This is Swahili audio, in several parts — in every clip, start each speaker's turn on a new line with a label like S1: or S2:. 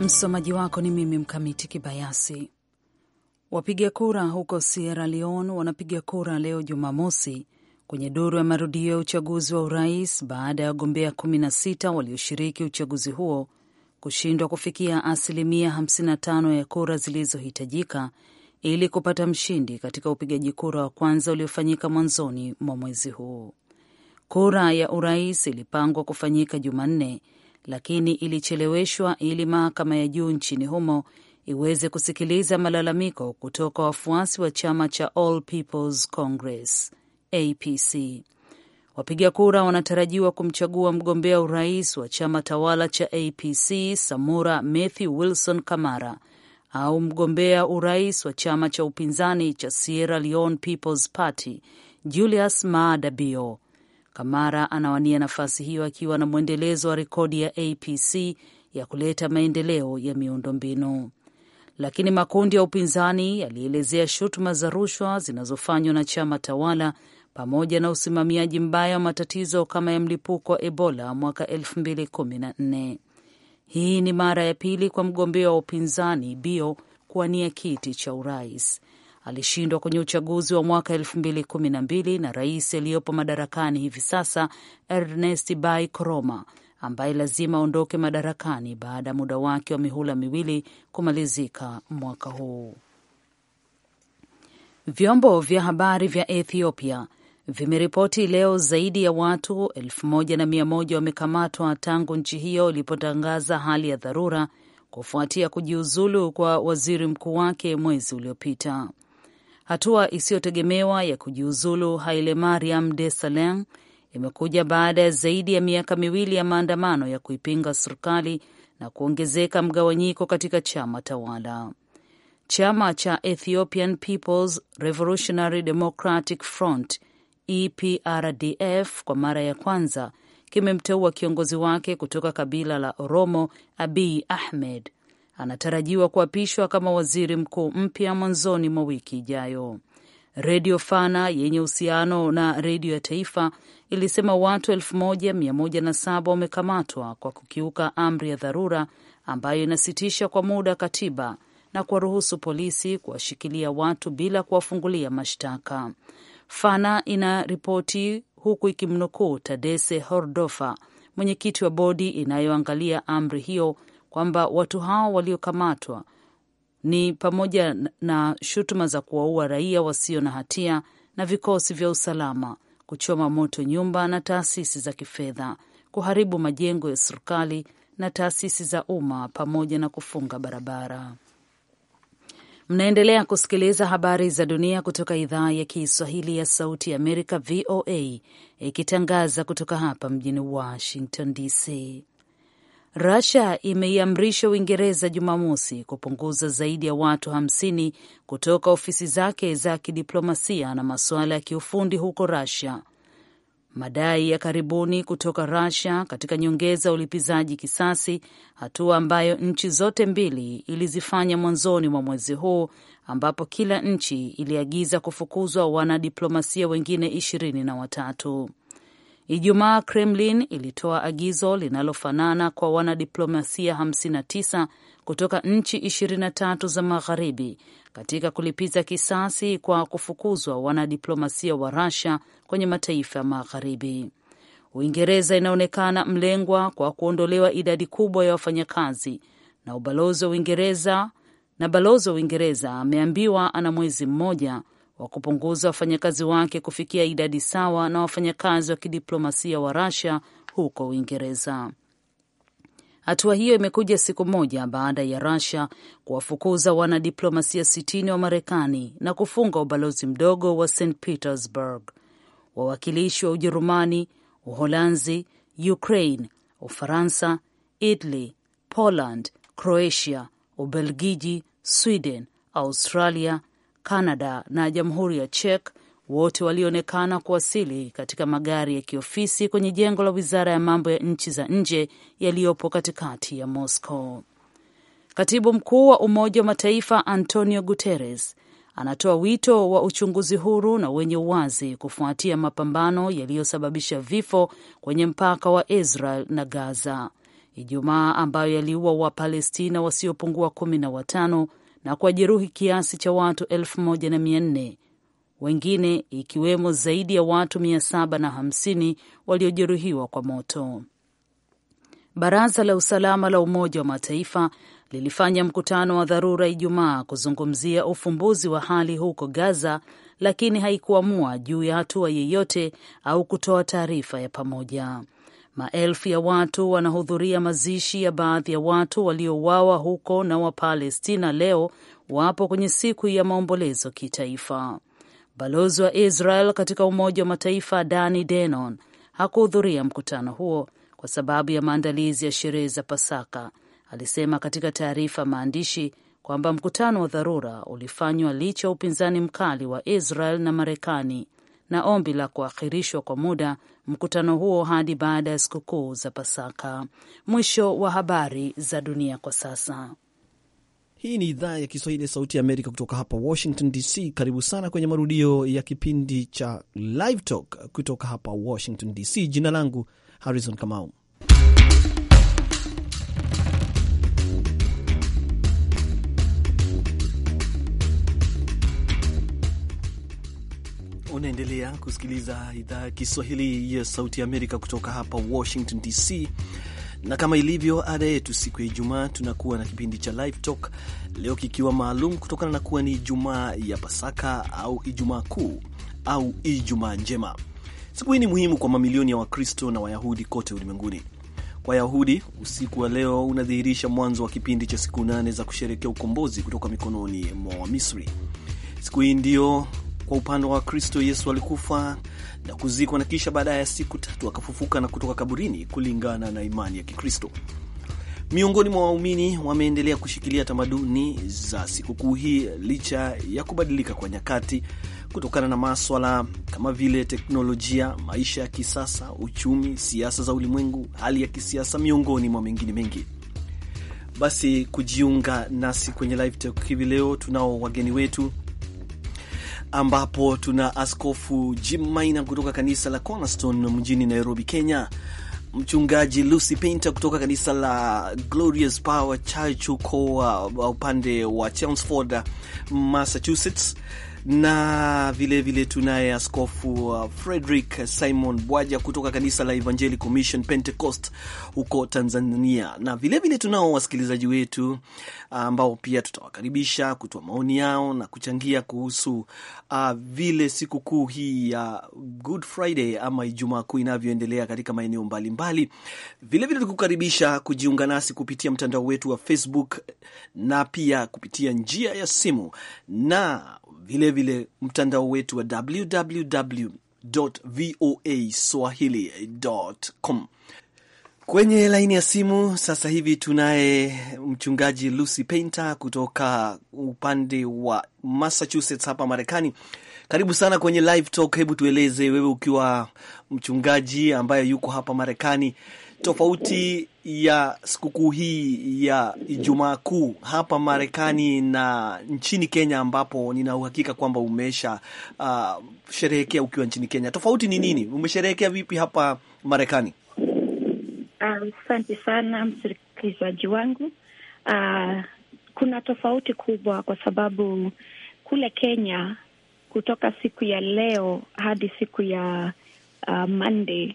S1: Msomaji wako ni mimi Mkamiti Kibayasi. Wapiga kura huko Sierra Leone wanapiga kura leo Jumamosi kwenye duru ya marudio ya uchaguzi wa urais baada ya wagombea 16 walioshiriki uchaguzi huo kushindwa kufikia asilimia 55 ya kura zilizohitajika ili kupata mshindi katika upigaji kura wa kwanza uliofanyika mwanzoni mwa mwezi huu. Kura ya urais ilipangwa kufanyika Jumanne lakini ilicheleweshwa ili mahakama ya juu nchini humo iweze kusikiliza malalamiko kutoka wafuasi wa chama cha All People's Congress APC. Wapiga kura wanatarajiwa kumchagua mgombea urais wa chama tawala cha APC Samura matthew Wilson Kamara au mgombea urais wa chama cha upinzani cha Sierra Leone People's Party Julius Maada Bio Kamara anawania nafasi hiyo akiwa na mwendelezo wa rekodi ya APC ya kuleta maendeleo ya miundombinu. Lakini makundi ya upinzani yalielezea shutuma za rushwa zinazofanywa na chama tawala pamoja na usimamiaji mbaya wa matatizo kama ya mlipuko wa Ebola mwaka 2014. Hii ni mara ya pili kwa mgombea wa upinzani Bio kuwania kiti cha urais alishindwa kwenye uchaguzi wa mwaka elfu mbili kumi na mbili na rais aliyopo madarakani hivi sasa Ernest Bai Koroma ambaye lazima aondoke madarakani baada ya muda wake wa mihula miwili kumalizika mwaka huu. Vyombo vya habari vya Ethiopia vimeripoti leo zaidi ya watu elfu moja na mia moja wamekamatwa tangu nchi hiyo ilipotangaza hali ya dharura kufuatia kujiuzulu kwa waziri mkuu wake mwezi uliopita. Hatua isiyotegemewa ya kujiuzulu Haile Mariam Desalegn imekuja baada ya zaidi ya miaka miwili ya maandamano ya kuipinga serikali na kuongezeka mgawanyiko katika chama tawala. Chama cha Ethiopian Peoples Revolutionary Democratic Front EPRDF kwa mara ya kwanza kimemteua kiongozi wake kutoka kabila la Oromo Abiy Ahmed anatarajiwa kuapishwa kama waziri mkuu mpya mwanzoni mwa wiki ijayo. Redio Fana yenye uhusiano na redio ya taifa ilisema watu 1107 wamekamatwa kwa kukiuka amri ya dharura ambayo inasitisha kwa muda katiba na kuwaruhusu polisi kuwashikilia watu bila kuwafungulia mashtaka. Fana ina ripoti huku ikimnukuu Tadese Hordofa, mwenyekiti wa bodi inayoangalia amri hiyo kwamba watu hao waliokamatwa ni pamoja na shutuma za kuwaua raia wasio na hatia na vikosi vya usalama, kuchoma moto nyumba na taasisi za kifedha, kuharibu majengo ya serikali na taasisi za umma pamoja na kufunga barabara. Mnaendelea kusikiliza habari za dunia kutoka idhaa ya Kiswahili ya Sauti ya Amerika, VOA, ikitangaza kutoka hapa mjini Washington DC. Russia imeiamrisha Uingereza Jumamosi kupunguza zaidi ya watu hamsini kutoka ofisi zake za kidiplomasia na masuala ya kiufundi huko Russia. Madai ya karibuni kutoka Russia katika nyongeza ya ulipizaji kisasi, hatua ambayo nchi zote mbili ilizifanya mwanzoni mwa mwezi huu, ambapo kila nchi iliagiza kufukuzwa wanadiplomasia wengine ishirini na watatu. Ijumaa Kremlin ilitoa agizo linalofanana kwa wanadiplomasia 59 kutoka nchi 23 za magharibi katika kulipiza kisasi kwa kufukuzwa wanadiplomasia wa rasia kwenye mataifa ya magharibi. Uingereza inaonekana mlengwa kwa kuondolewa idadi kubwa ya wafanyakazi na ubalozi wa Uingereza na balozi wa Uingereza ameambiwa ana mwezi mmoja wa kupunguza wafanyakazi wake kufikia idadi sawa na wafanyakazi wa kidiplomasia wa rasia huko Uingereza. Hatua hiyo imekuja siku moja baada ya rasia kuwafukuza wanadiplomasia sitini wa Marekani na kufunga ubalozi mdogo wa St Petersburg. Wawakilishi wa Ujerumani, Uholanzi, Ukraine, Ufaransa, Italy, Poland, Croatia, Ubelgiji, Sweden, Australia, Canada na Jamhuri ya Czech wote walionekana kuwasili katika magari ya kiofisi kwenye jengo la Wizara ya Mambo ya Nchi za Nje yaliyopo katikati ya Moscow. Katibu Mkuu wa Umoja wa Mataifa Antonio Guterres anatoa wito wa uchunguzi huru na wenye uwazi kufuatia mapambano yaliyosababisha vifo kwenye mpaka wa Israel na Gaza Ijumaa, ambayo yaliua Wapalestina wasiopungua kumi na watano na kuwajeruhi kiasi cha watu elfu moja na mia nne wengine ikiwemo zaidi ya watu mia saba na hamsini waliojeruhiwa kwa moto. Baraza la usalama la Umoja wa Mataifa lilifanya mkutano wa dharura Ijumaa kuzungumzia ufumbuzi wa hali huko Gaza, lakini haikuamua juu ya hatua yeyote au kutoa taarifa ya pamoja. Maelfu ya watu wanahudhuria mazishi ya baadhi ya watu waliouawa huko na Wapalestina leo wapo kwenye siku ya maombolezo kitaifa. Balozi wa Israel katika Umoja wa Mataifa Dani Denon hakuhudhuria mkutano huo kwa sababu ya maandalizi ya sherehe za Pasaka. Alisema katika taarifa maandishi kwamba mkutano wa dharura ulifanywa licha ya upinzani mkali wa Israel na Marekani na ombi la kuakhirishwa kwa muda mkutano huo hadi baada ya sikukuu za Pasaka. Mwisho wa habari za dunia kwa sasa. Hii ni
S2: idhaa ya Kiswahili ya Sauti ya Amerika kutoka hapa Washington DC. Karibu sana kwenye marudio ya kipindi cha Live Talk kutoka hapa Washington DC. Jina langu Harrison Kamau. Unaendelea kusikiliza idhaa ya Kiswahili ya Sauti ya Amerika kutoka hapa Washington DC, na kama ilivyo ada yetu, siku ya Ijumaa tunakuwa na kipindi cha Live Talk, leo kikiwa maalum kutokana na kuwa ni Ijumaa ya Pasaka au Ijumaa Kuu au Ijumaa Njema. Siku hii ni muhimu kwa mamilioni ya Wakristo na Wayahudi kote ulimwenguni. Wayahudi, usiku wa leo unadhihirisha mwanzo wa kipindi cha siku nane za kusherekea ukombozi kutoka mikononi mwa Wamisri. Siku hii ndio kwa upande wa Wakristo, Yesu alikufa na kuzikwa na kisha baadaye ya siku tatu akafufuka na kutoka kaburini, kulingana na imani ya Kikristo. Miongoni mwa waumini wameendelea kushikilia tamaduni za sikukuu hii licha ya kubadilika kwa nyakati kutokana na maswala kama vile teknolojia, maisha ya kisasa, uchumi, siasa za ulimwengu, hali ya kisiasa, miongoni mwa mengine mengi. Basi kujiunga nasi kwenye live talk hivi leo, tunao wageni wetu ambapo tuna Askofu Jim Maina kutoka kanisa la Cornerstone mjini Nairobi, Kenya, Mchungaji Lucy Painter kutoka kanisa la Glorious Power Church huko uh, upande wa Chelmsford, Massachusetts, na vilevile tunaye Askofu uh, Frederick Simon Bwaja kutoka kanisa la Evangeli Commission Pentecost huko Tanzania, na vilevile tunao wasikilizaji wetu uh, ambao pia tutawakaribisha kutoa maoni yao na kuchangia kuhusu uh, vile sikukuu hii ya uh, Good Friday ama Ijumaa Kuu inavyoendelea katika maeneo mbalimbali. Vilevile tukukaribisha kujiunga nasi kupitia mtandao wetu wa Facebook na pia kupitia njia ya simu na vilevile mtandao wetu wa www voa swahili.com. Kwenye laini ya simu sasa hivi tunaye mchungaji Lucy Painter kutoka upande wa Massachusetts hapa Marekani. Karibu sana kwenye live talk. Hebu tueleze wewe, ukiwa mchungaji ambaye yuko hapa Marekani, tofauti ya sikukuu hii ya Ijumaa Kuu hapa Marekani na nchini Kenya, ambapo nina uhakika kwamba umesha uh, sherehekea ukiwa nchini Kenya. Tofauti ni nini? Umesherehekea vipi hapa Marekani?
S3: Asante uh, sana msikilizaji wangu. Uh, kuna tofauti kubwa kwa sababu kule Kenya kutoka siku ya leo hadi siku ya uh, Monday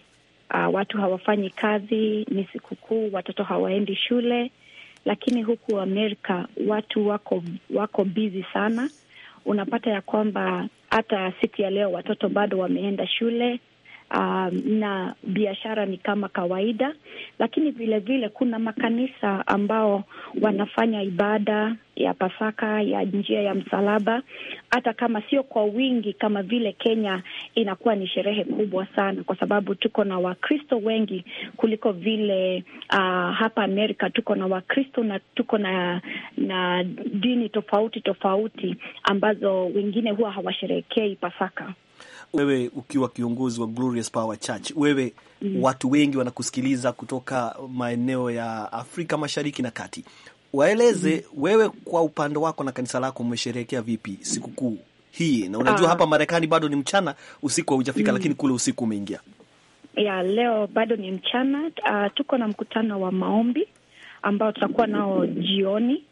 S3: uh, watu hawafanyi kazi, ni sikukuu, watoto hawaendi shule. Lakini huku Amerika watu wako wako bizi sana, unapata ya kwamba hata siku ya leo watoto bado wameenda shule um, na biashara ni kama kawaida, lakini vilevile vile kuna makanisa ambao wanafanya ibada ya Pasaka ya njia ya msalaba, hata kama sio kwa wingi kama vile Kenya inakuwa ni sherehe kubwa sana, kwa sababu tuko na Wakristo wengi kuliko vile uh, hapa Amerika tuko na Wakristo na tuko na na dini tofauti tofauti ambazo wengine huwa hawasherehekei Pasaka
S2: wewe ukiwa kiongozi wa Glorious Power Church, wewe mm. watu wengi wanakusikiliza kutoka maeneo ya Afrika Mashariki na Kati, waeleze mm. wewe kwa upande wako na kanisa lako umesherehekea vipi sikukuu hii? Na unajua ah. hapa Marekani bado ni mchana, usiku haujafika mm. lakini kule usiku umeingia.
S3: Ya leo bado ni mchana. Uh, tuko na mkutano wa maombi ambao tutakuwa nao jioni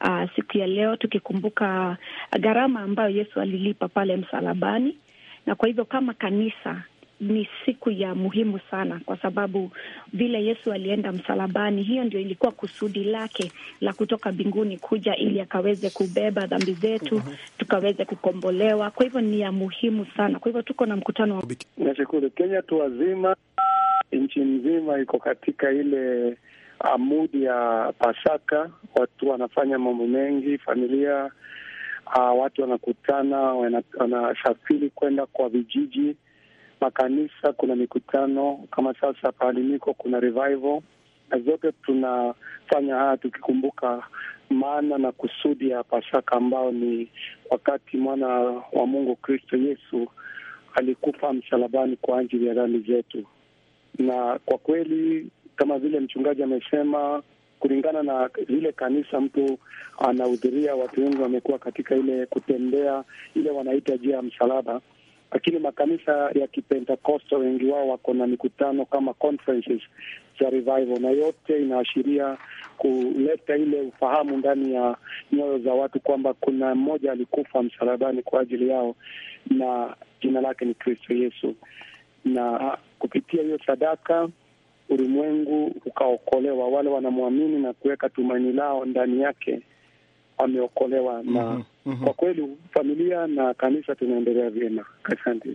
S3: Uh, siku ya leo tukikumbuka gharama ambayo Yesu alilipa pale msalabani na kwa hivyo kama kanisa ni siku ya muhimu sana kwa sababu vile Yesu alienda msalabani, hiyo ndio ilikuwa kusudi lake la kutoka mbinguni kuja ili akaweze kubeba dhambi zetu mhm. tukaweze kukombolewa. Kwa hivyo ni ya muhimu sana. Kwa hivyo tuko na mkutano wa...
S4: nashukuru Kenya tu wazima, nchi nzima iko katika ile amudi ah, ya Pasaka, watu wanafanya mambo mengi, familia uh, watu wanakutana, wanasafiri kwenda kwa vijiji, makanisa, kuna mikutano kama sasa paalimiko kuna revival, na zote tunafanya haya tukikumbuka maana na kusudi ya Pasaka ambao ni wakati mwana wa Mungu Kristo Yesu alikufa msalabani kwa ajili ya dhambi zetu. Na kwa kweli kama vile mchungaji amesema, kulingana na lile kanisa mtu anahudhuria. Watu wengi wamekuwa katika ile kutembea ile wanaita njia ya msalaba, lakini makanisa ya Kipentekosta wengi wao wako na mikutano kama conferences za revival, na yote inaashiria kuleta ile ufahamu ndani ya nyoyo za watu kwamba kuna mmoja alikufa msalabani kwa ajili yao na jina lake ni Kristo Yesu, na kupitia hiyo sadaka ulimwengu ukaokolewa. Wale wanamwamini na kuweka tumaini lao ndani yake wameokolewa, na mm -hmm. kwa kweli familia na kanisa tunaendelea vyema. Asante.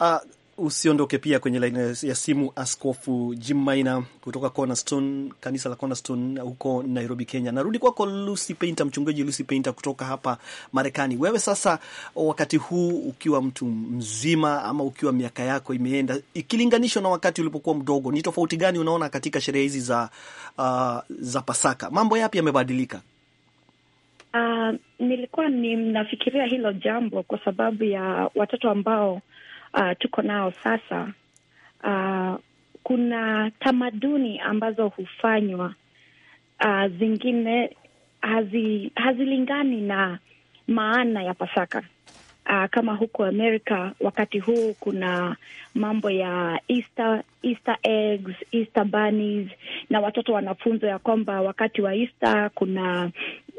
S2: Ah, usiondoke pia kwenye laini ya simu. Askofu Jim Maina kutoka Cornerstone, kanisa la Cornerstone huko Nairobi, Kenya. Narudi kwako Lucy Painter, mchungaji Lucy Painter kutoka hapa Marekani. Wewe sasa, wakati huu ukiwa mtu mzima ama ukiwa miaka yako imeenda, ikilinganishwa na wakati ulipokuwa mdogo, ni tofauti gani unaona katika sherehe hizi za, uh, za Pasaka? Mambo yapi yamebadilika?
S3: Uh, nilikuwa ni nafikiria hilo jambo kwa sababu ya watoto ambao uh, tuko nao sasa uh, kuna tamaduni ambazo hufanywa uh, zingine hazi, hazilingani na maana ya Pasaka. Uh, kama huko Amerika wakati huu kuna mambo ya Easter, Easter eggs, Easter bunnies na watoto wanafunzwa ya kwamba wakati wa Easter kuna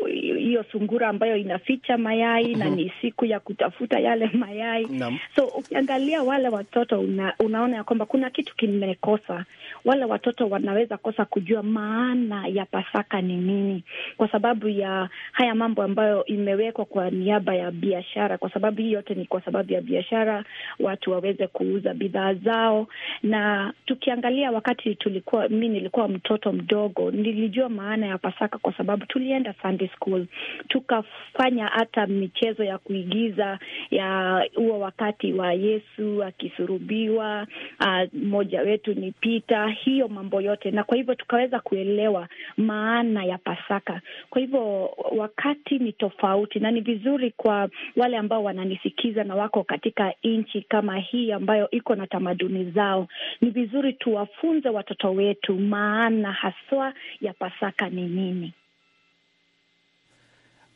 S3: hiyo sungura ambayo inaficha mayai mm -hmm. na mhm. ni siku ya kutafuta yale mayai Nam. So ukiangalia wale watoto una, unaona ya kwamba kuna kitu kimekosa. Wale watoto wanaweza kosa kujua maana ya Pasaka ni nini, kwa sababu ya haya mambo ambayo imewekwa kwa niaba ya biashara, kwa sababu hii yote ni kwa sababu ya biashara, watu waweze kuuza bidhaa zao. Na tukiangalia wakati tulikuwa, mi nilikuwa mtoto mdogo, nilijua maana ya Pasaka kwa sababu tulienda Sunday school. Tukafanya hata michezo ya kuigiza ya huo wakati wa Yesu akisurubiwa, ah, mmoja wetu ni Pita, hiyo mambo yote, na kwa hivyo tukaweza kuelewa maana ya Pasaka. Kwa hivyo wakati ni tofauti, na ni vizuri kwa wale ambao wananisikiza na wako katika nchi kama hii ambayo iko na tamaduni zao, ni vizuri tuwafunze watoto wetu maana haswa ya Pasaka ni nini.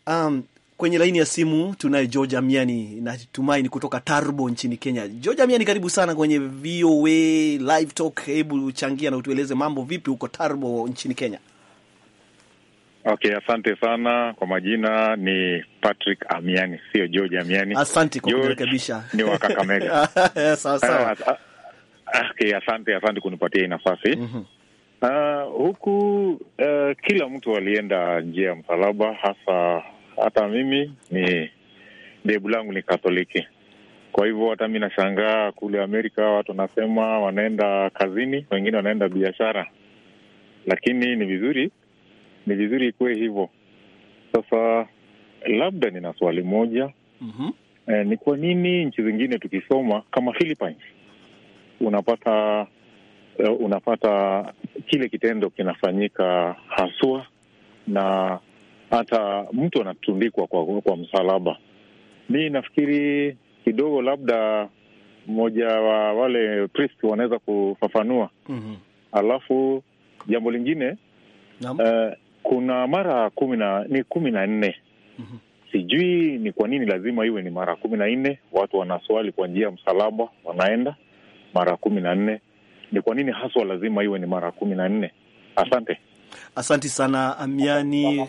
S2: Um, kwenye laini ya simu tunaye George Amiani, natumai ni kutoka Tarbo nchini Kenya. George Amiani, karibu sana kwenye VOA Live Talk. Hebu changia na utueleze mambo vipi huko Tarbo nchini Kenya.
S5: Okay, asante sana kwa majina. Ni Patrick Amiani, sio George Amiani. Asante kwa
S2: kurekebisha, ni wa Kakamega. Sawa sawa.
S5: Ah, ah, ah, okay, asante asante kunipatia hii nafasi mm -hmm. Uh, huku uh, kila mtu alienda njia ya msalaba hasa hata mimi ni debu langu ni Katoliki. Kwa hivyo hata mi nashangaa kule Amerika watu wanasema wanaenda kazini, wengine wanaenda biashara, lakini ni vizuri, ni vizuri ikuwe hivyo. Sasa labda nina swali moja mm -hmm. E, ni kwa nini nchi zingine tukisoma kama Philippines unapata eh, unapata kile kitendo kinafanyika haswa na hata mtu anatundikwa kwa, kwa msalaba. Mi nafikiri kidogo labda mmoja wa wale priest wanaweza kufafanua. mm -hmm. Alafu jambo lingine uh, kuna mara kumi na ni kumi na nne mm -hmm. Sijui ni kwa nini lazima iwe ni mara kumi na nne. Watu wanaswali kwa njia ya msalaba, wanaenda mara kumi na nne. Ni kwa nini haswa lazima iwe ni mara kumi na nne? Asante,
S2: asante sana Amiani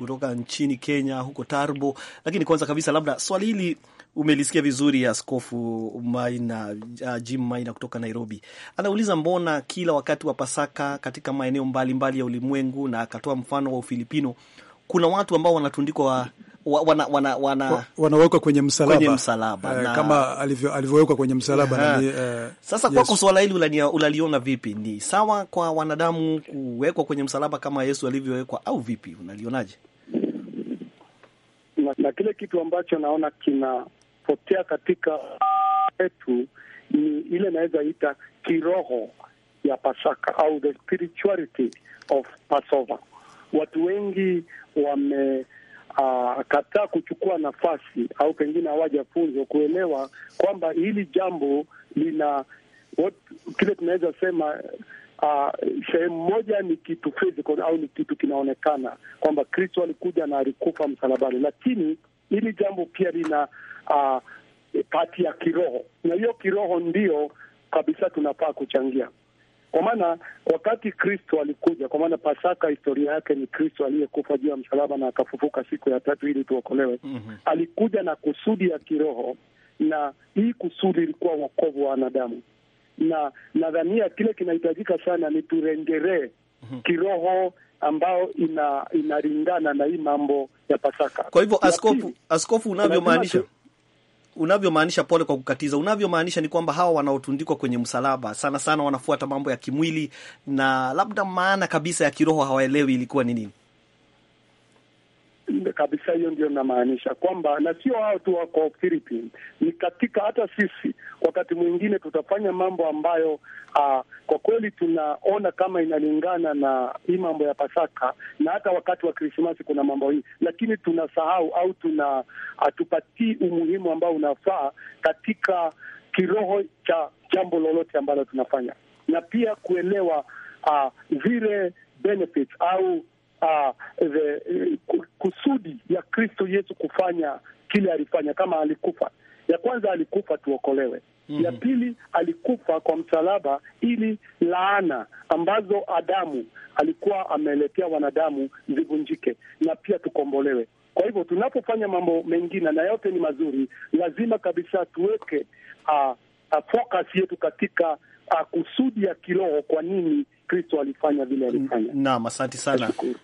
S2: kutoka nchini Kenya huko Tarbo. Lakini kwanza kabisa, labda swali hili umelisikia vizuri, Askofu Maina, uh, Jim Maina kutoka Nairobi anauliza mbona kila wakati wa Pasaka katika maeneo mbalimbali ya ulimwengu, na akatoa mfano wa Ufilipino, kuna watu ambao wanatundikwa wa wana, wana, wana...
S6: wanawekwa kwenye msalaba, kwenye
S2: msalaba. Uh, na... kama
S6: alivyowekwa kwenye msalaba nani, uh,
S2: eh, sasa yes. kwako swala hili unaliona vipi? Ni sawa kwa wanadamu kuwekwa kwenye msalaba kama Yesu alivyowekwa au vipi? Unalionaje?
S4: mzima, na kile kitu ambacho naona kinapotea katika yetu ni ile naweza ita kiroho ya Pasaka au the spirituality of Passover. Watu wengi wame Uh, kataa kuchukua nafasi au pengine hawajafunzwa kuelewa kwamba hili jambo lina what, kile tunaweza sema uh, sehemu moja ni kitu physical au ni kitu kinaonekana kwamba Kristo alikuja na alikufa msalabani, lakini hili jambo pia lina uh, ah, pati ya kiroho, na hiyo kiroho ndio kabisa tunafaa kuchangia, kwa maana wakati Kristo alikuja, kwa maana Pasaka historia yake ni Kristo aliyekufa juu ya msalaba na akafufuka siku ya tatu ili tuokolewe. mm -hmm. Alikuja na kusudi ya kiroho, na hii kusudi ilikuwa wokovu wa wanadamu na nadhania kile kinahitajika sana ni turengeree mhm. kiroho ambayo ina, inalingana na hii mambo ya Pasaka. Kwa
S2: hivyo askofu, askofu unavyomaanisha unavyomaanisha pole kwa kukatiza, unavyomaanisha ni kwamba hawa wanaotundikwa kwenye msalaba sana sana wanafuata mambo ya kimwili na labda maana kabisa ya kiroho hawaelewi ilikuwa ni nini
S4: kabisa, hiyo ndio inamaanisha kwamba, na sio hao tu wako ni katika hata sisi wakati mwingine tutafanya mambo ambayo aa, ah, kwa kweli tunaona kama inalingana na hii mambo ya Pasaka na hata wakati wa Krismasi kuna mambo hii, lakini tunasahau au tuna hatupatii umuhimu ambao unafaa katika kiroho cha jambo lolote ambalo tunafanya, na pia kuelewa aa, ah, zile benefits au uh, the, uh, kusudi ya Kristo Yesu kufanya kile alifanya. Kama alikufa, ya kwanza alikufa tuokolewe. mm -hmm. Ya mhm. pili alikufa kwa msalaba ili laana ambazo Adamu alikuwa ameletea wanadamu zivunjike na pia tukombolewe. Kwa hivyo tunapofanya mambo mengine na yote ni mazuri, lazima kabisa tuweke uh, uh, focus yetu katika uh, kusudi ya kiroho, kwa nini Kristo alifanya vile
S2: alifanya. Naam, asante sana. Shukuru.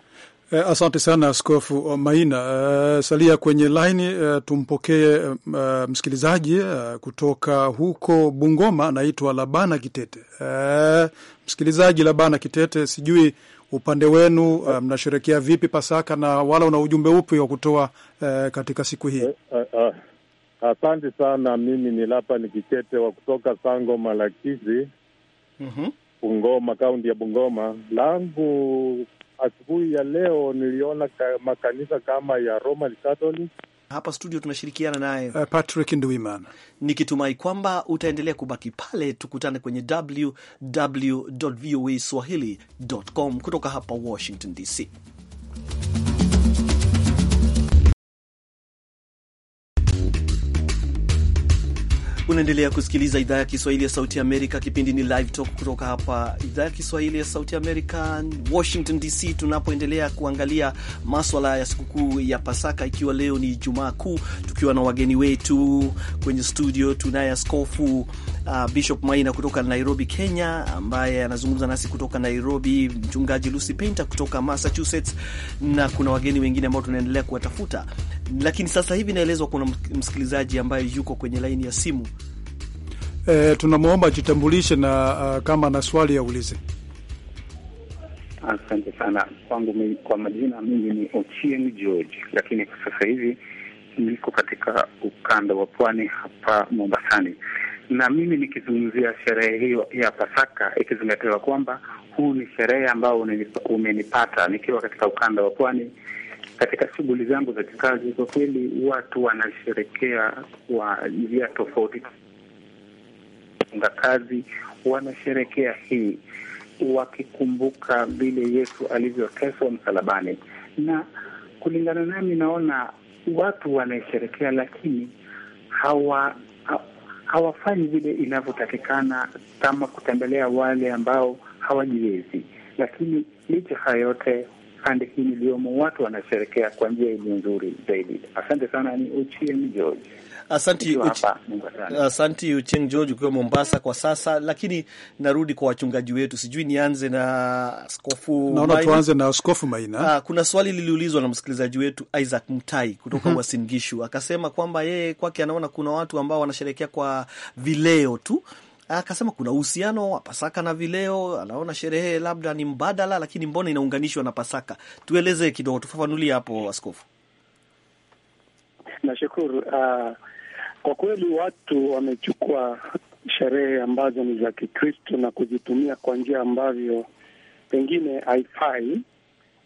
S6: Eh, asante sana Askofu Maina. Eh, salia kwenye laini eh, tumpokee eh, msikilizaji eh, kutoka huko Bungoma, anaitwa Labana Kitete. Eh, msikilizaji Labana Kitete, sijui upande wenu eh, mnasherekea vipi Pasaka na wala una ujumbe upi wa kutoa eh, katika siku hii? Eh,
S5: eh, eh, asante sana, mimi ni Labana Kitete wa kutoka Sango Malakizi, mhm. Bungoma, kaunti ya Bungoma. Langu asubuhi ya leo niliona ka, makanisa kama ya Roman
S2: Catholic hapa studio tunashirikiana naye uh, Patrick Nduiman, nikitumai kwamba utaendelea kubaki pale. Tukutane kwenye www kutoka hapa Washington DC. Unaendelea kusikiliza idhaa ya Kiswahili ya Sauti Amerika. Kipindi ni Live Talk kutoka hapa idhaa ya Kiswahili ya Sauti Amerika, Washington DC, tunapoendelea kuangalia maswala ya sikukuu ya Pasaka, ikiwa leo ni Jumaa Kuu, tukiwa na wageni wetu kwenye studio. Tunaye askofu uh, Bishop Maina kutoka Nairobi, Kenya, ambaye anazungumza nasi kutoka Nairobi, mchungaji Lucy Painter kutoka Massachusetts, na kuna wageni wengine ambao tunaendelea kuwatafuta lakini sasa hivi inaelezwa kuna msikilizaji ambaye yuko kwenye laini ya simu
S6: e, tunamwomba ajitambulishe na uh, kama na swali aulize.
S4: Asante sana. Kwangu kwa majina mimi ni Ochieng George, lakini kwa sasa hivi niko katika ukanda wa pwani hapa Mombasani, na mimi nikizungumzia sherehe hiyo ya Pasaka ikizingatiwa kwamba huu ni sherehe ambayo umenipata nikiwa katika ukanda wa pwani katika shughuli zangu za kikazi, kwa kweli watu wanasherekea kwa njia tofauti funga kazi, wanasherekea hii wakikumbuka vile Yesu alivyoteswa msalabani, na kulingana nami, naona watu wanaesherekea lakini hawa hawafanyi vile inavyotakikana, kama kutembelea wale ambao hawajiwezi. Lakini licha haya yote, kande hii niliyomo, watu wanasherekea kwa njia iliyo nzuri zaidi. Asante sana, ni Ochieng George.
S2: Asanti, uch asanti Ucheng George ukiwa Mombasa kwa sasa. Lakini narudi kwa wachungaji wetu, sijui nianze na Askofu, naona Maina. tuanze
S6: na Askofu Maina. Aa,
S2: ah, kuna swali liliulizwa na msikilizaji wetu Isaac Mtai kutoka mm -hmm. Wasingishu akasema kwamba yeye kwake anaona kuna watu ambao wanasherekea kwa vileo tu akasema kuna uhusiano wa Pasaka na vileo. Anaona sherehe labda ni mbadala, lakini mbona inaunganishwa na Pasaka? Tueleze kidogo, tufafanulie hapo askofu.
S4: Nashukuru. Uh, kwa kweli watu wamechukua sherehe ambazo ni za Kikristo na kuzitumia kwa njia ambavyo pengine haifai,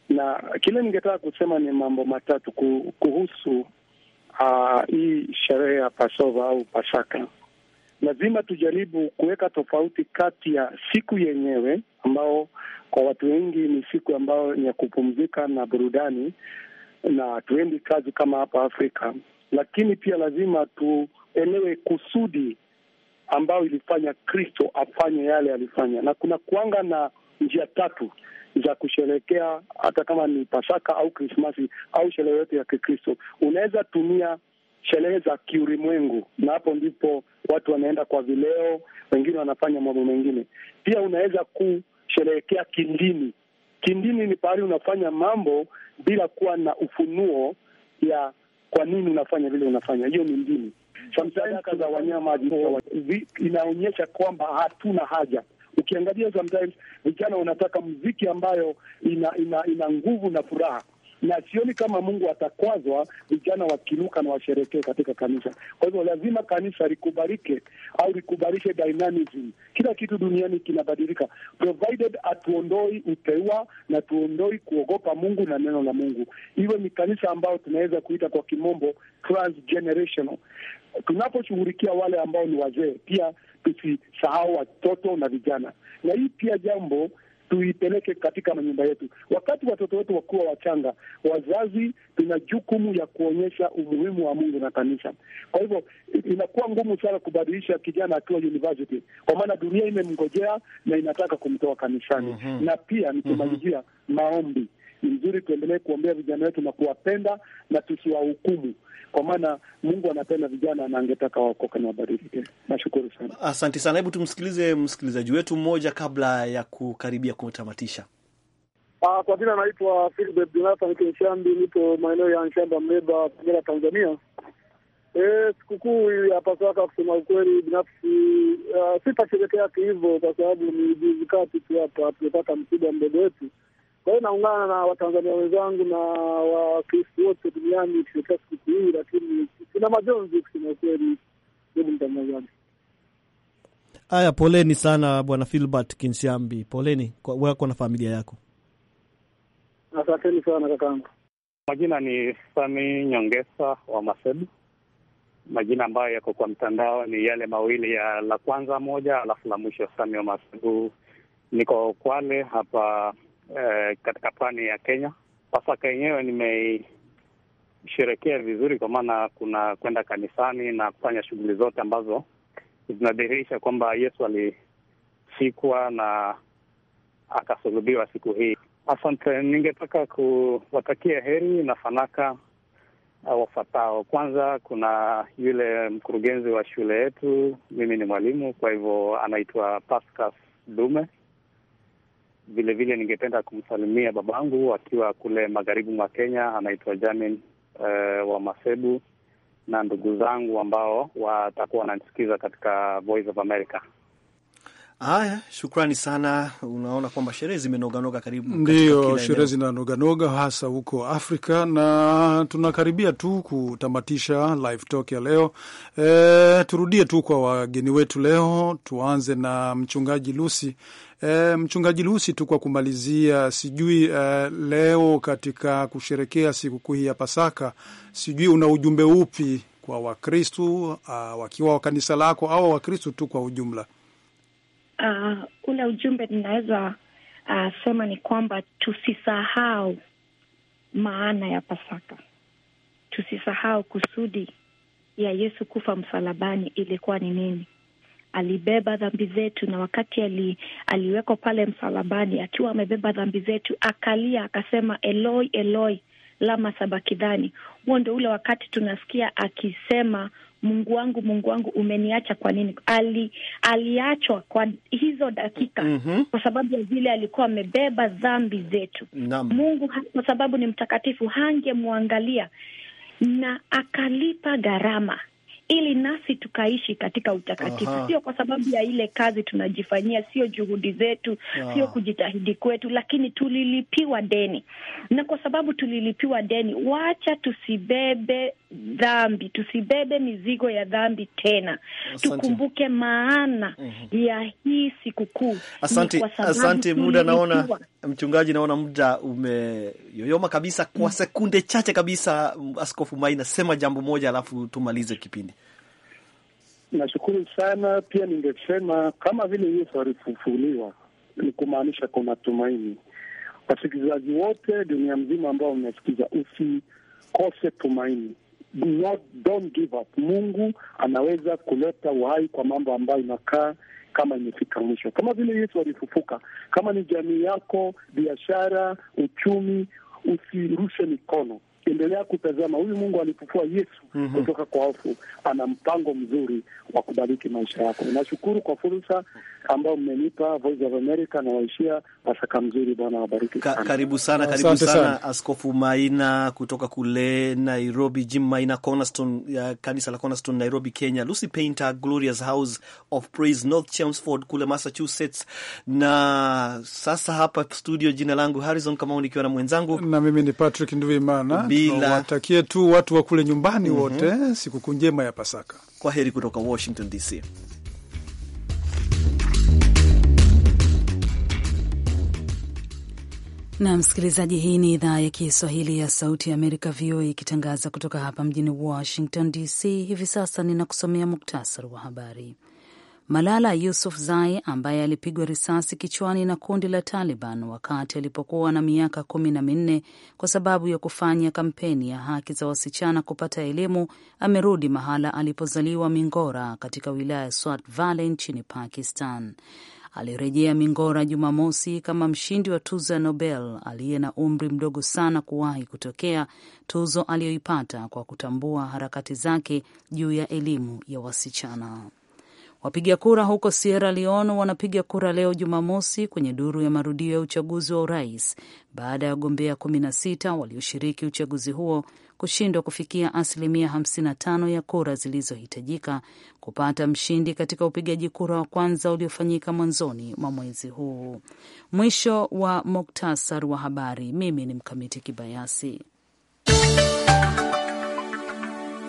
S4: na kile ningetaka kusema ni mambo matatu kuhusu uh, hii sherehe ya Pasova au Pasaka lazima tujaribu kuweka tofauti kati ya siku yenyewe ambao kwa watu wengi ni siku ambayo ni ya kupumzika na burudani, na tuendi kazi kama hapa Afrika, lakini pia lazima tuelewe kusudi ambayo ilifanya Kristo afanye yale alifanya, na kuna kuanga na njia tatu za kusherekea, hata kama ni Pasaka au Krismasi au sherehe yote ya Kikristo. Unaweza tumia sherehe za kiulimwengu, na hapo ndipo watu wanaenda kwa vileo, wengine wanafanya mambo mengine. Pia unaweza kusherehekea kindini. Kindini ni pahali unafanya mambo bila kuwa na ufunuo ya kwa nini unafanya vile unafanya. Hiyo ni ndini. Sadaka za wanyama inaonyesha kwamba hatuna haja Ukiangalia sometimes vijana wanataka mziki ambayo ina ina, ina nguvu na furaha na sioni kama Mungu atakwazwa vijana wakiruka na washerekee katika kanisa. Kwa hivyo lazima kanisa likubalike au likubalishe dynamism. Kila kitu duniani kinabadilika, provided atuondoi uteua na tuondoi kuogopa Mungu na neno la Mungu. Iwe ni kanisa ambayo tunaweza kuita kwa kimombo transgenerational. Tunaposhughulikia wale ambao ni wazee, pia tusisahau watoto na vijana, na hii pia jambo tuipeleke katika manyumba yetu. Wakati watoto wetu wakuwa wachanga, wazazi tuna jukumu ya kuonyesha umuhimu wa Mungu na kanisa. Kwa hivyo inakuwa ngumu sana kubadilisha kijana akiwa university, kwa maana dunia imemngojea na inataka kumtoa kanisani. mm -hmm. na pia nikimalizia, mm -hmm. maombi ni vizuri tuendelee kuombea vijana wetu na kuwapenda na tusiwahukumu, kwa maana Mungu anapenda vijana na angetaka waokoke na wabadilike. Nashukuru
S2: sana, asante sana. Hebu tumsikilize msikilizaji wetu mmoja kabla ya kukaribia kutamatisha.
S4: Uh, ah, kwa jina anaitwa Philip Jonathan Kenshambi, nipo maeneo ya Nshamba, Mleba, Kagera, Tanzania. E, sikukuu ya Pasaka kusema ukweli binafsi uh, ah, sitasherekea kihivyo kwa sababu ni juzi kati tu hapa tumepata msiba mdogo wetu kwa hiyo naungana na Watanzania wenzangu na Wakristu wote duniani kusherekea siku hii, lakini sina majonzi kusema ukweli, ndugu mtangazaji.
S2: Haya, poleni sana Bwana Filbert Kinsiambi, poleni wako na familia yako.
S4: Asanteni sana kakangu. Majina ni Sami Nyongesa wa Masedu. Majina ambayo yako kwa mtandao ni yale mawili ya la kwanza moja, alafu la mwisho Sami wa Masedu. Niko Kwale hapa Eh, katika pwani ya Kenya. Pasaka yenyewe nimeisherekea vizuri, kwa maana kuna kwenda kanisani na kufanya shughuli zote ambazo zinadhihirisha kwamba Yesu alishikwa na akasulubiwa siku hii. Asante. Ningetaka kuwatakia heri na fanaka eh, wafatao. Kwanza kuna yule mkurugenzi wa shule yetu, mimi ni mwalimu, kwa hivyo anaitwa Pascas Dume Vilevile ningependa kumsalimia babangu akiwa kule magharibi mwa Kenya, anaitwa Jamin uh, wa Masebu na ndugu zangu ambao watakuwa wananisikiza katika Voice of
S2: America. Haya, shukrani sana. Unaona kwamba sherehe zimenoganoga karibu, ndio sherehe
S6: zinanoganoga hasa huko Afrika, na tunakaribia tu kutamatisha live talk ya leo. E, turudie tu kwa wageni wetu leo, tuanze na mchungaji Lusi. E, mchungaji Lusi, tu kwa kumalizia, sijui e, leo katika kusherekea sikukuu hii ya Pasaka, sijui una ujumbe upi kwa Wakristu wakiwa wa kanisa lako au Wakristu tu kwa ujumla?
S3: uh, ule ujumbe ninaweza uh, sema ni kwamba tusisahau maana ya Pasaka, tusisahau kusudi ya Yesu kufa msalabani ilikuwa ni nini. Alibeba dhambi zetu, na wakati ali, aliwekwa pale msalabani akiwa amebeba dhambi zetu, akalia akasema, Eloi Eloi lama sabakidhani. Huo ndo ule wakati tunasikia akisema Mungu wangu, Mungu wangu, umeniacha kwa nini? Ali, aliachwa kwa hizo dakika mm -hmm. kwa sababu ya vile alikuwa amebeba dhambi zetu Nam. Mungu kwa sababu ni mtakatifu hangemwangalia na akalipa gharama ili nasi tukaishi katika utakatifu. Aha. Sio kwa sababu ya ile kazi tunajifanyia, sio juhudi zetu, Aha. sio kujitahidi kwetu, lakini tulilipiwa deni, na kwa sababu tulilipiwa deni, wacha tusibebe dhambi, tusibebe mizigo ya dhambi tena. Asante. Tukumbuke maana mm -hmm. ya hii sikukuu. Asante, asante. Muda naona
S2: mchungaji, naona muda umeyoyoma kabisa. Kwa mm. sekunde chache kabisa, Askofu Maina, sema jambo moja alafu tumalize kipindi.
S4: Nashukuru sana. Pia ningesema kama vile Yesu alifufuliwa, ni kumaanisha kuna tumaini. Wasikilizaji wote dunia mzima ambao mnasikiza, usikose tumaini. Not, don't give up. Mungu anaweza kuleta uhai kwa mambo ambayo inakaa kama imefika mwisho, kama vile Yesu alifufuka. Kama ni jamii yako, biashara, uchumi, usirushe mikono endelea kutazama, huyu Mungu alifufua Yesu mm -hmm. kutoka kwa wafu. Ana mpango mzuri wa kubariki maisha yako. Nashukuru kwa fursa ambayo mmenipa Voice of America, na waishia mzuri. Bwana wabariki
S2: sana. Ka karibu sana, karibu sana, sana Askofu Maina kutoka kule Nairobi, Jim Maina Cornerstone, ya kanisa la Cornerstone Nairobi, Kenya, Lucy Painter, Glorious House of Praise North Chelmsford kule Massachusetts. Na sasa hapa studio, jina langu Harrison Kamau nikiwa na mwenzangu na mimi ni Patrick Nduimana bila.
S6: Watakie tu watu wa kule nyumbani mm -hmm. wote
S2: eh, sikukuu njema ya Pasaka. Kwa heri kutoka Washington DC.
S1: na msikilizaji, hii ni idhaa ya Kiswahili ya Sauti ya Amerika, VOA, ikitangaza kutoka hapa mjini Washington DC. Hivi sasa ninakusomea muktasari wa habari. Malala yusuf zai ambaye alipigwa risasi kichwani na kundi la Taliban wakati alipokuwa na miaka kumi na minne kwa sababu ya kufanya kampeni ya haki za wasichana kupata elimu amerudi mahala alipozaliwa Mingora katika wilaya ya Swat Valley nchini Pakistan. Alirejea Mingora Jumamosi kama mshindi wa tuzo ya Nobel aliye na umri mdogo sana kuwahi kutokea, tuzo aliyoipata kwa kutambua harakati zake juu ya elimu ya wasichana. Wapiga kura huko Sierra Leone wanapiga kura leo Jumamosi kwenye duru ya marudio ya uchaguzi wa urais baada ya wagombea 16 walioshiriki uchaguzi huo kushindwa kufikia asilimia 55 ya kura zilizohitajika kupata mshindi katika upigaji kura wa kwanza uliofanyika mwanzoni mwa mwezi huu. Mwisho wa muktasar wa habari. Mimi ni Mkamiti Kibayasi.